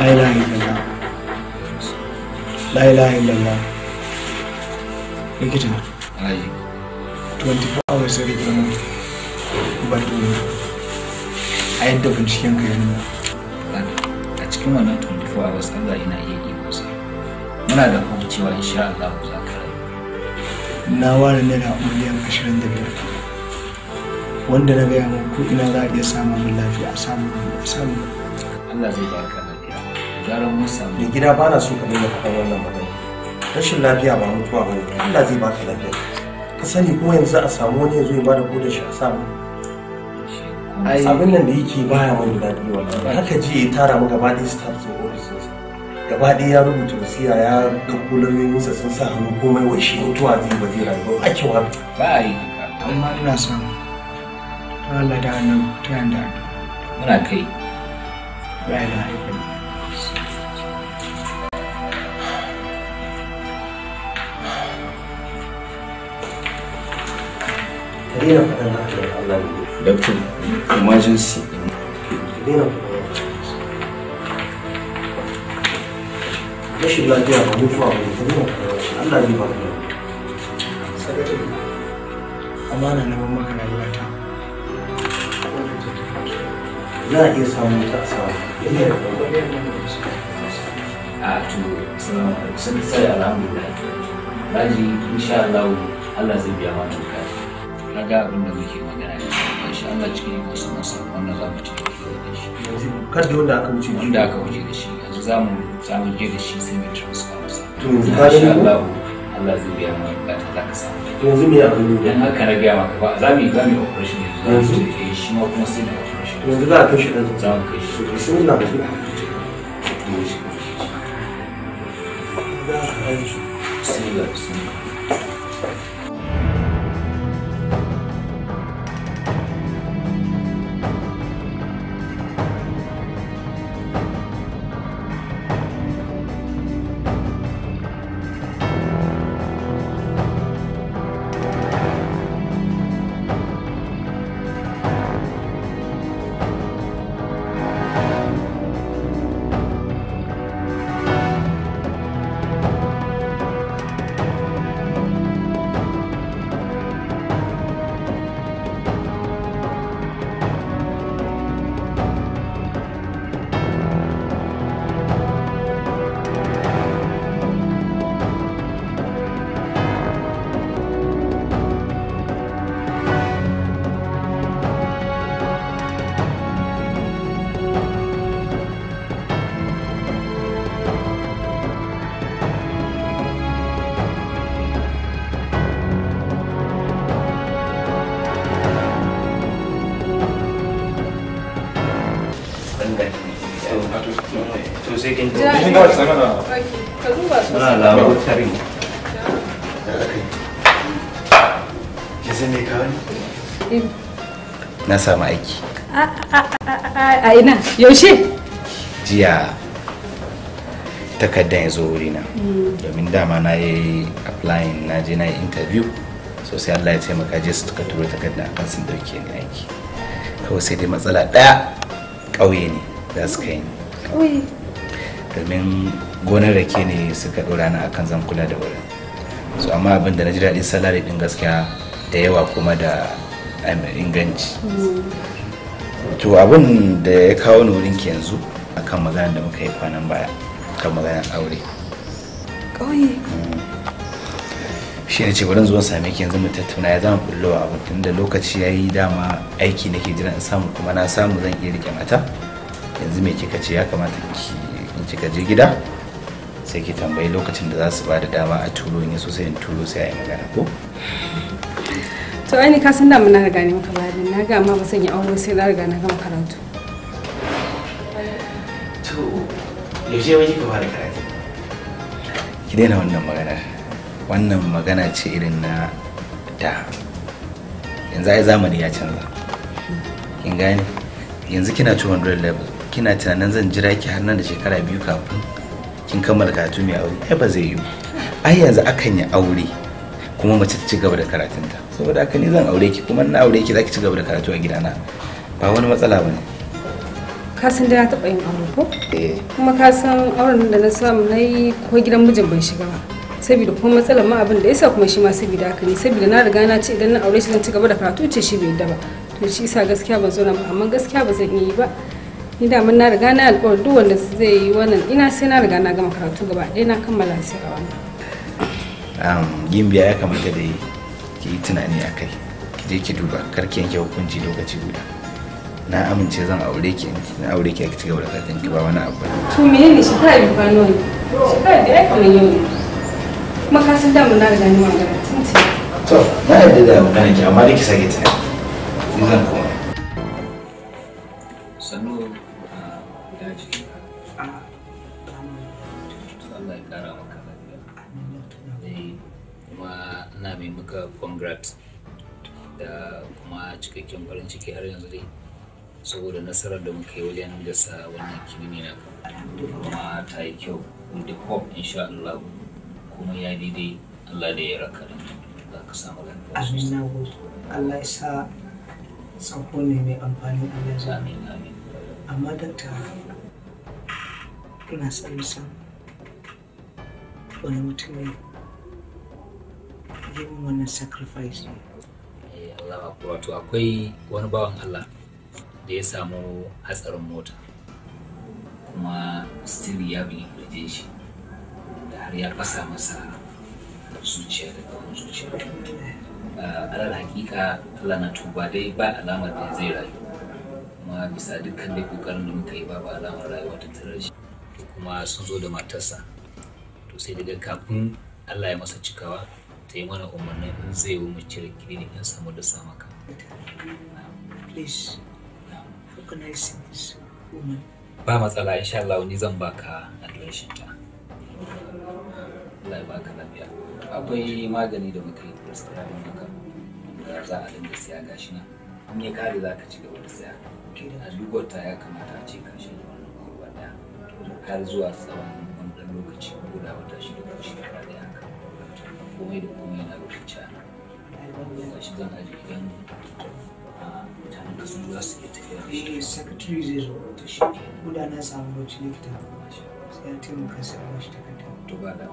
la ilaha illallah la ilaha illallah likita 24 hours sai rike mu a yadda binciken ka yana a cikin wannan 24 hours Allah yana iya yi kusa muna da kuma cewa insha Allah za ka na ware naira miliyan 25 wanda na gaya muku ina za a iya samun lafiya a samun Allah zai baka gara mun mai gida ba na so ka dinga faɗan wannan magana rashin lafiya ba mutuwa ba ne Allah zai ba ka lafiya ka sani kuma yanzu a samu wani ya zo ya da kodin shi a samu abin nan da yake baya wani daɗi wallahi haka ji ya tara mu gaba ɗaya staff sun office gaba ɗaya ya rubuta wasiya ya ɗauko lauyoyinsa sun sa hannu komai wai mutuwa zai ba zai rayuwa ake wa ba a yi amma ina son Allah da annabi ta yanda muna kai la ilaha daina faɗin haka da Allah ne doctor emergency daina faɗin rashin lafiya ba mutuwa ba ne daina faɗin Allah zai ba sadaka amana na za a iya samun a samu ina a to sun sai alhamdulillah daji insha Allah Allah zai biya mata Na ga abin da muke magana da shi insha Allah cikin yi wasu masu wanda za mu ci da shi yanzu wanda aka wuce wanda aka wuce da shi yanzu za mu za mu je da shi sai mu transfer masa to insha Allah Allah zai biya mu bukata za ka samu yanzu me aka yi dan haka na gaya maka ba za mu yi za mu operation yanzu za mu yi eh, shi ma kuma sai da operation yanzu za a shi dan za mu kai shi bismillah bismillah bismillah Na samu aiki. A ina, yaushe? Jiya takardar ya zo wurina. Domin dama na yi applying na je na yi interview. So sai Allah ya taimaka je su tuka turo takardar akan sun dauke ni aiki. Kawai sai dai matsala ɗaya ƙauye ne za su kai ni. domin gonar rake ne suka ɗora na akan zan kula da wurin so amma abin da na ji daɗin salari ɗin gaskiya da yawa kuma da inganci to abin da ya kawo ni wurin yanzu akan magana da muka yi kwanan baya kan maganar aure ƙauye shi ne ce wurin zuwa same ki yanzu mu tattauna ya zama bullowa abu tunda lokaci ya yi dama aiki nake jiran samu kuma na samu zan iya rike mata yanzu me kika ce ya kamata ki kaji je gida sai ki tambayi lokacin da za su ba da dama a turo in yaso sai in turo sai a yi magana ko to ai ni ka san da mun na riga ne muka bayani na ga amma ba san yi aure sai na riga na gama karatu to yaushe wani kika fara karatu ki daina wannan magana wannan magana ce irin na da yanzu ai zamani ya canza kin gane yanzu kina 200 level kina tunanin zan jira ki har nan da shekara biyu kafin kin kammala karatu mai aure ai ba zai yiwu ai yanzu akan yi aure kuma mace ta ci gaba da karatunta saboda haka ni zan aure ki kuma na aure ki zaki ci gaba da karatu a gidana ba wani matsala ba ne ka san da na taɓa yin aure ko eh. kuma ka san auren da na samu na yi ko gidan mijin ban shiga ba saboda kuma matsalar ma abin da yasa kuma shi ma saboda haka ne saboda na riga na ce idan na aure shi zan ci gaba da karatu ce shi bai yadda ba to shi isa gaskiya ban zo na ba amma gaskiya ba zan iya yi ba ni da mun na riga na alƙawar duk wanda zai yi wannan ina sai na riga na gama karatu gaba ɗaya na kammala sai a wannan um biya ya kamata da ki yi tunani a kai ki je ki duba kar ki yanke hukunci lokaci guda na amince zan aure ki na aure ki a ci gaba da katin ki ba wani abu to me ne shi kai ba no ne shi kai da ya kamar yau ne kuma ka san da mun na riga ni magana tuntun to na yadda da magana ki amma da ki sake tunani zan kuma ciki har yanzu dai saboda nasarar da muka yi wajen dasa wannan kilimi na kuma ta yi kyau with the hope insha Allah kuma ya daidai Allah da ya raka da za ka samu lafiya sosai. Amin na Allah ya sa tsako ne mai amfani a yanzu. Amin amin. Amma dakta ina son san wani mutum ne yi wannan sacrifice ne. wato akwai wani bawan Allah da ya samu hatsarin mota kuma still ya bi kurje shi da har ya fasa masa zuciya da kawon zuciya alal hakika Allah na tuba dai ba alamar da zai rayu kuma bisa dukkan da kokarin da muka yi ba ba alamar rayuwa ta tare shi kuma sun zo da matarsa to sai daga kafin Allah ya masa cikawa ta yi mana umarnin in zai yi mu cire clinic in samu da samaka. Please, Ba matsala, insha Allah ni zan baka adireshin ta. Allah ya baka lafiya. Akwai magani da muka yi prescribe maka. Da za a dinga siya gashi na. In ya kare za ka ci gaba da siya. A duk wata ya kamata a ce ka shi da wannan har zuwa tsawon wani lokaci ko da wata shida ko shekara ɗaya. komai da komai yana rubuce a shi zan aji idan mutanen da sun za su iya tafiya da sakatari eh, zai zo ta shi guda na samu wacce likita sai ya taimaka sai a bashi takarda to ba da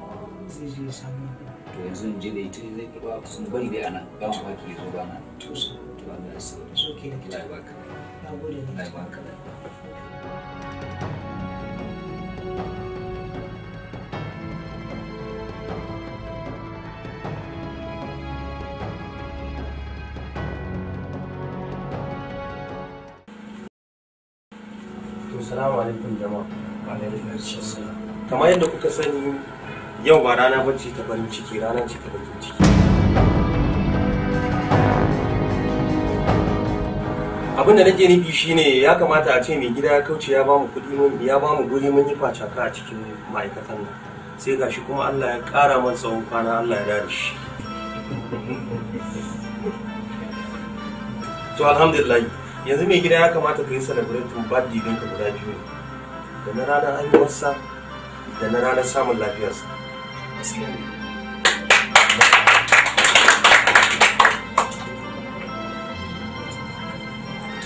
zai je samu to yanzu in da ita zai ba sun bari dai ana ba mu baki ya zo ba na to to ya sauke so ke na gode lokaci kamar yadda kuka sani yau ba rana bacci ta farin ciki rana ce ta bakin ciki abin da nake nufi shine ya kamata a ce mai gida ya kauce ya bamu kuɗi ya bamu guri mun yi facaka a cikin ma'aikatan nan sai gashi kuma Allah ya ƙara man tsawon kwana Allah ya dare shi to alhamdulillah yanzu mai gida ya kamata ka yi celebrating birthday ɗinka guda biyu da na ranar haihuwarsa da na ranar samun lafiyarsa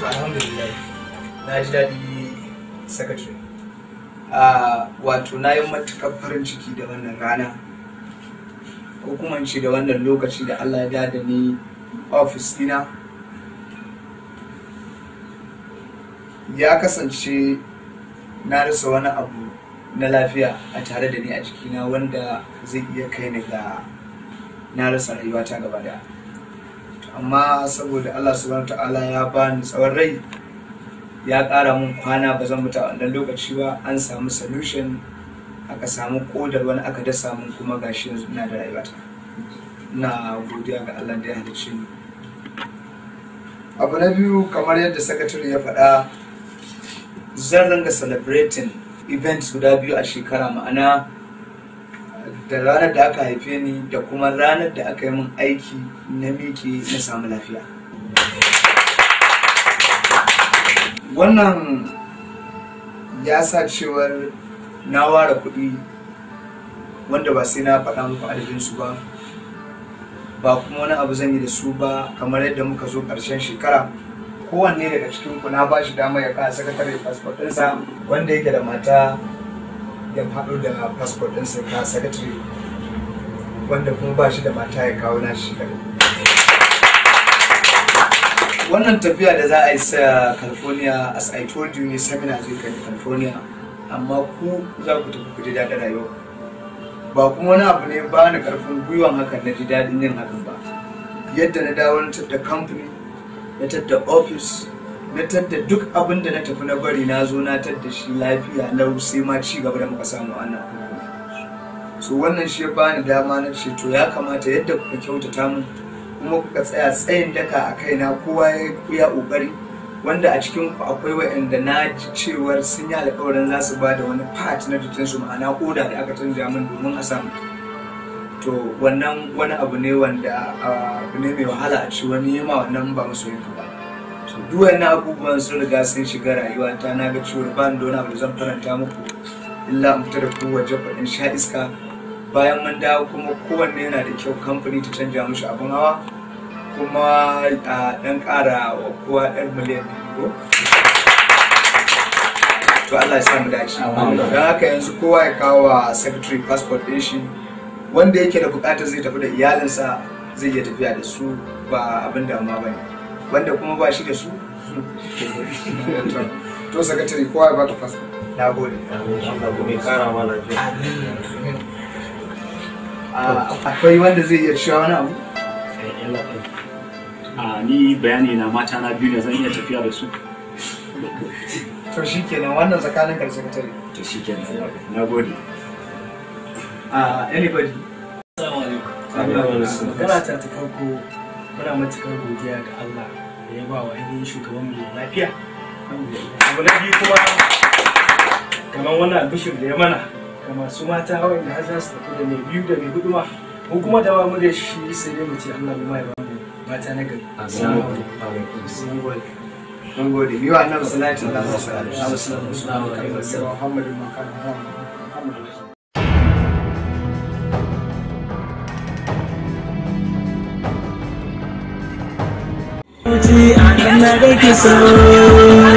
alhamdulillah na ji daɗi secretary wato na yi matuƙar farin ciki da wannan rana ko kuma ce da wannan lokaci da allah ya da ni ofis dina ya kasance na rasa wani abu na lafiya a tare da ni a jikina wanda zai iya kai ni ga na rasa rayuwata gaba da amma saboda Allah subhanahu ta'ala ya bani tsawon rai ya ƙara mun kwana ba zan mutu a wannan lokaci ba an samu solution aka samu kodar wani aka dasa mun kuma gashi yanzu ina da rayuwata na godiya ga Allah da ya halicce ni abu na biyu kamar yadda sakatare ya faɗa zan ringa celebrating events guda biyu a shekara ma'ana da ranar da aka haife ni da kuma ranar da aka yi min aiki na miƙe na samu lafiya wannan ya sa cewar na ware kuɗi wanda ba sai na faɗa muku adadinsu ba ba kuma wani abu zan yi da su ba kamar yadda muka zo ƙarshen shekara kowanne daga cikin ku na ba shi dama ya kawo sakatare passport ɗinsa wanda yake da mata ya faɗo da passport ɗinsa ya kawo sakatare wanda kuma ba shi da mata ya kawo nashi shi wannan tafiya da za a yi sa california as i told you ne seminar zai kai california amma ku za ku tafi ku ji daɗin rayuwa ba kuma wani abu ne ba ni karfin gwiwan hakan na ji daɗin yin hakan ba yadda na dawo na tafi da kamfani na tadda ofis na tadda duk abin da na tafi na bari na zo na tadda shi lafiya na sai ma ci gaba da muka samu wannan so wannan shi ya bani dama na ce to ya kamata yadda kuka kyautata mu kuma kuka tsaya tsayin daka a kaina kowa ya kuya kokari wanda a cikin ku akwai wa'anda na ji cewar sun yi alƙawarin za su ba da wani part na jikinsu ma'ana koda da aka canja min domin a samu to wannan wani abu ne wanda abu ne mai wahala a ci wani yima wannan ba mu ka ba so duk wani abubuwan sun riga sun shiga rayuwa ta na ga cewa ba da wani abu zan faranta muku illa in fita da ku waje faɗin sha iska bayan mun dawo kuma kowanne yana da kyau kamfani ta canja mushi abin hawa kuma a ɗan ƙara wa kowa ɗan miliyan biyu to Allah ya mu dace don haka yanzu kowa ya kawo wa secretary passport ɗin shi wanda yake da bukatar zai tafi da iyalinsa zai iya tafiya da su ba abin damuwa ba ne wanda kuma ba shi da su to sakatare kowa ba ta fasa na gode akwai wanda zai iya cewa wani abu a ni bayani na mata na biyu ne zan iya tafiya da su to shikenan wannan tsakanin karshe sakatare to shikenan na gode Ah, anybody assalamu alaikum ta ta farko muna matukar godiya ga Allah da ya ba wa ainihin shugaban mu lafiya abu na biyu kuma kamar wannan albishir da ya mana ga masu mata wanda har za su tafi da mai biyu da mai hudu ma ko kuma da mu da shi sai dai mu ce Allah mu mai ba mata na gari assalamu alaikum mun gode biyu annabi sallallahu alaihi wasallam Muhammadu makan Merry Christmas.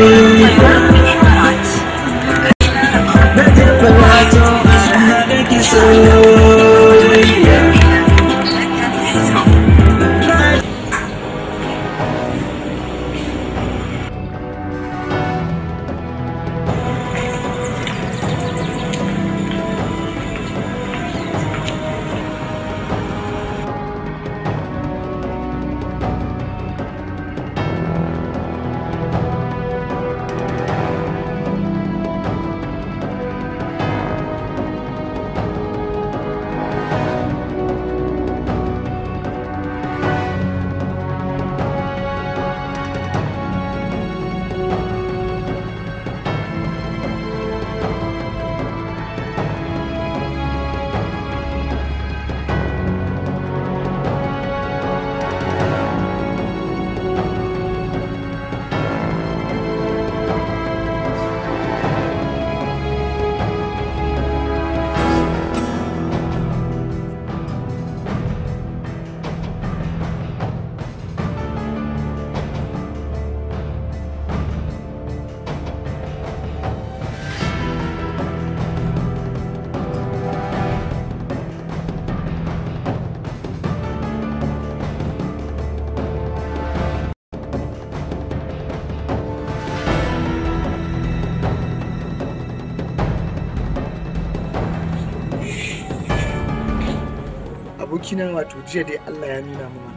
abokina wato jiya dai Allah ya nuna mu wannan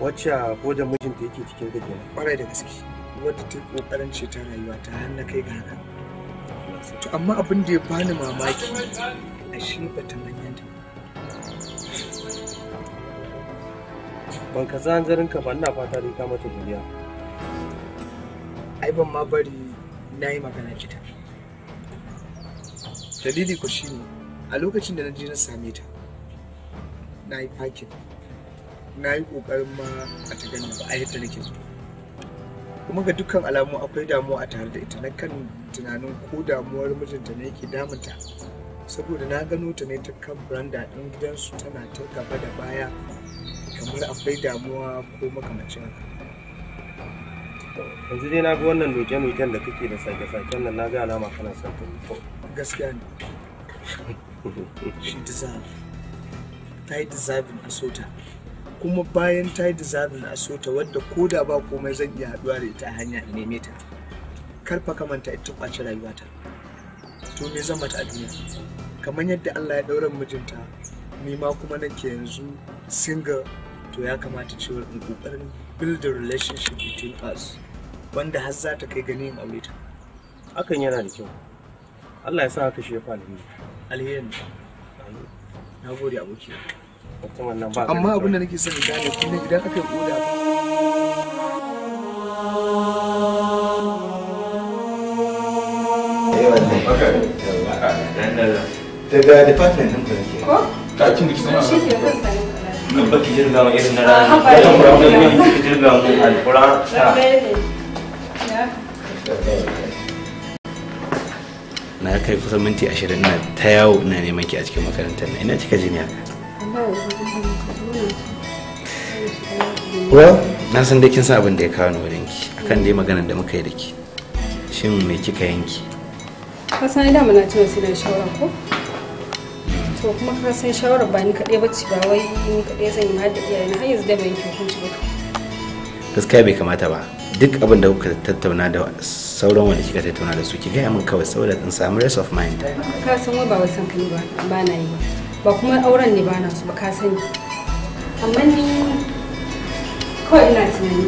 bayanin wacce ko da mijinta yake cikin gajiya kwarai da gaske wadda ta kokarin ta rayuwa ta har na kai ga haka to amma abin da ya bani mamaki ashe bata manyanta ban ka san zarin ka ba ina fata da ka mata duniya ai ban ma bari na yi magana kita dalili ku shine a lokacin da na je na same ta na yi fakin na yi ƙoƙarin ma a ta gani ba a yadda nake so kuma ga dukkan alamu akwai damuwa a tare da ita na kan tunanin ko damuwar mijinta ne yake damunta saboda na gano ta ne ta kan branda ɗin gidansu tana ta gaba da baya kamar akwai damuwa ko makamancin haka yanzu dai na ga wannan doke-doken da kake da sake-saken nan na ga alama kana son ta gaskiya ne she deserve ta yi deserving a sota kuma bayan ta yi deserving a sota wadda ko da ba komai zan iya haɗuwa da ita hanya in neme ta karfa kamanta ita kwace rayuwata to me zan mata a duniya kamar yadda Allah ya ɗaura mijinta ni ma kuma nake yanzu single to ya kamata cewa in ƙoƙarin build a relationship between us wanda har za ta kai gani yin aure ta hakan yana da kyau Allah ya sa haka shi ya fa alheri alheri na gode aboki amma abin da nake son gane kuma idan aka yi koda ba daga department ɗin ko ta da kisan shi ke kansa baki jirga irin na rana ya tambara mu ne jirga mu alƙura ta na kai kusan minti ashirin na ta yawo ina neman ki a cikin makarantar na ina kika ji ne na san dai kin san abin da ya kawo wurin ki akan dai maganar da muka yi da ki shin me kika yanki kasan ina muna cewa sai da shawara ko to kuma ka san shawara ba ni kaɗai bacci ba wai ni kaɗai zan yi ma da iyayen har yanzu da ban yanke hukunci ba gaskiya bai kamata ba duk abin da kuka tattauna da sauran wanda kika tattauna da su ki gaya min kawai saboda in samu rest of mind ka san ba wasan kai ba ba na yi ba kuma auren ne ba na su ba ka sani amma ni kawai ina tunani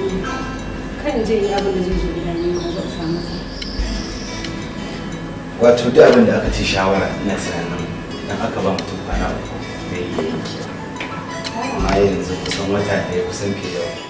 kan je yi abin da zai zo gidan ni ba zan samu wato duk abin da aka ce shawara ina tunanin dan aka ba mutum kwana uku da yi amma yanzu kusan wata ɗaya kusan ke da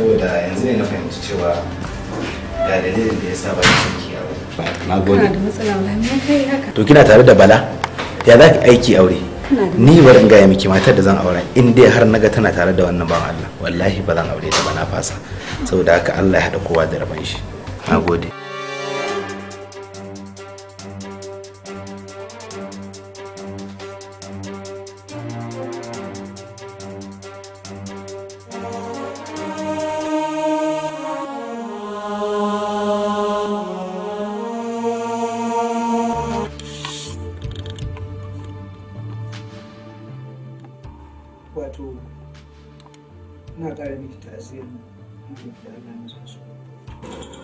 saboda yanzu ne na fahimci cewa ga dalilin da ya sa ba ki aure na gode da matsala wallahi kai haka to kina tare da bala ya za ki aiki aure ni bari in gaya miki matar da zan aura in dai har naga tana tare da wannan bawan Allah wallahi ba zan aure ta ba na fasa saboda haka Allah ya haɗa kowa da rabon shi na gode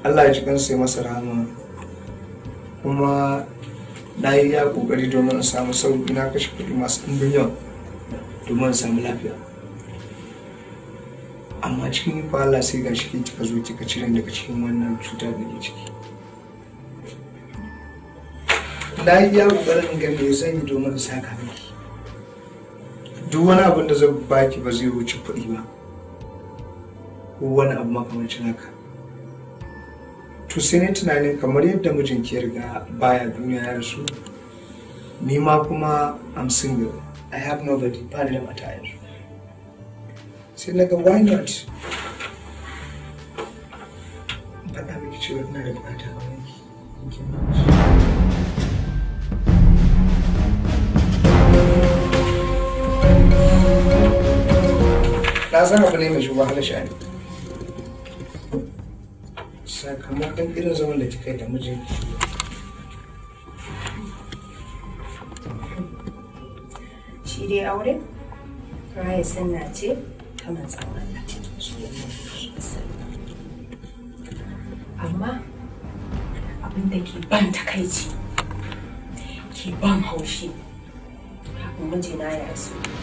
Allah ya so ji kansa ya masa rahama kuma na yi ya kokari domin samu sauki na kashe kuɗi masu ɗimbin yau domin samu lafiya amma cikin ikon Allah sai ga shi kika zo kika cire daga cikin wannan cuta da ke ciki na yi ya kokarin ga me zan yi domin in saka miki duk wani abin da zan baki ba zai wuce kuɗi ba ko wani abu makamancin haka to sai ne tunanin kamar yadda mijin ke riga baya duniya ya rasu ni ma kuma am single i have nobody ba da mata yanzu sai na ga why not faɗa miki cewa ina da bukata a na san abu ne mai shi wahalar shani amma kan irin zaman da kika yi da mijinki shi dai aure raya sunna ce ta manzan Allah amma abin da ke ban takaici ke ban haushi mijina ya so